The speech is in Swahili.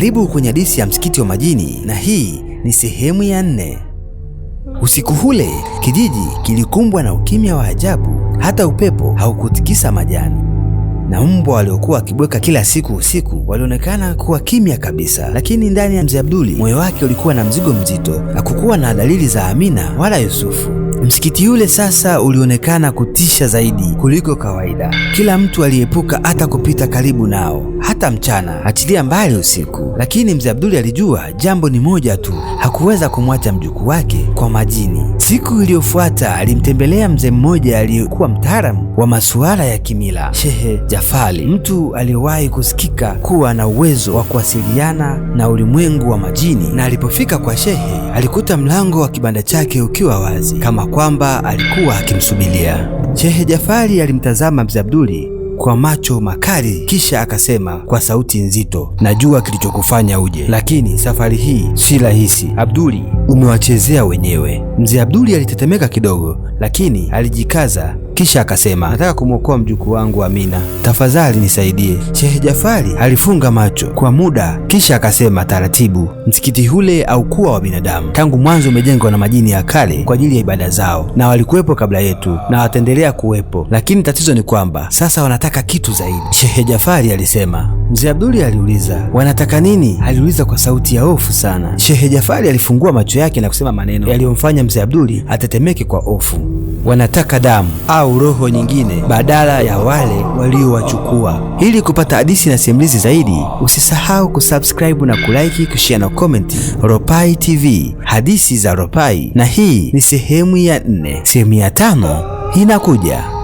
Karibu kwenye hadithi ya msikiti wa majini, na hii ni sehemu ya nne. Usiku ule kijiji kilikumbwa na ukimya wa ajabu, hata upepo haukutikisa majani na mbwa waliokuwa wakibweka kila siku usiku walionekana kuwa kimya kabisa, lakini ndani ya mzee Abduli moyo wake ulikuwa na mzigo mzito. Hakukuwa na dalili za Amina wala Yusufu. Msikiti yule sasa ulionekana kutisha zaidi kuliko kawaida. Kila mtu aliepuka hata kupita karibu nao, hata mchana, achilia mbali usiku. Lakini mzee Abduli alijua jambo ni moja tu, hakuweza kumwacha mjukuu wake kwa majini. Siku iliyofuata alimtembelea mzee mmoja aliyekuwa mtaalamu wa masuala ya kimila, Shehe jafali mtu aliyewahi kusikika kuwa na uwezo wa kuwasiliana na ulimwengu wa majini. Na alipofika kwa shehe, alikuta mlango wa kibanda chake ukiwa wazi kama kwamba alikuwa akimsubilia. Shehe Jafari alimtazama Mzee Abduli kwa macho makali, kisha akasema kwa sauti nzito, najua kilichokufanya uje, lakini safari hii si rahisi. Abduli, umewachezea wenyewe. Mzee Abduli alitetemeka kidogo, lakini alijikaza kisha akasema, nataka kumwokoa mjukuu wangu Amina, tafadhali nisaidie. Shehe Jafari alifunga macho kwa muda, kisha akasema taratibu, msikiti hule haukuwa wa binadamu. Tangu mwanzo umejengwa na majini ya kale kwa ajili ya ibada zao, na walikuwepo kabla yetu na wataendelea kuwepo, lakini tatizo ni kwamba sasa wanataka kitu zaidi. Shehe Jafari alisema. Mzee Abduli aliuliza, wanataka nini? aliuliza kwa sauti ya hofu sana. Shehe Jafari alifungua macho yake na kusema maneno yaliyomfanya mzee Abduli atetemeke kwa hofu, wanataka damu au au roho nyingine badala ya wale waliowachukua. Ili kupata hadithi na simulizi zaidi, usisahau kusubscribe na kulike, kushare na comment. Ropai TV, hadithi za Ropai, na hii ni sehemu ya nne. Sehemu ya tano inakuja.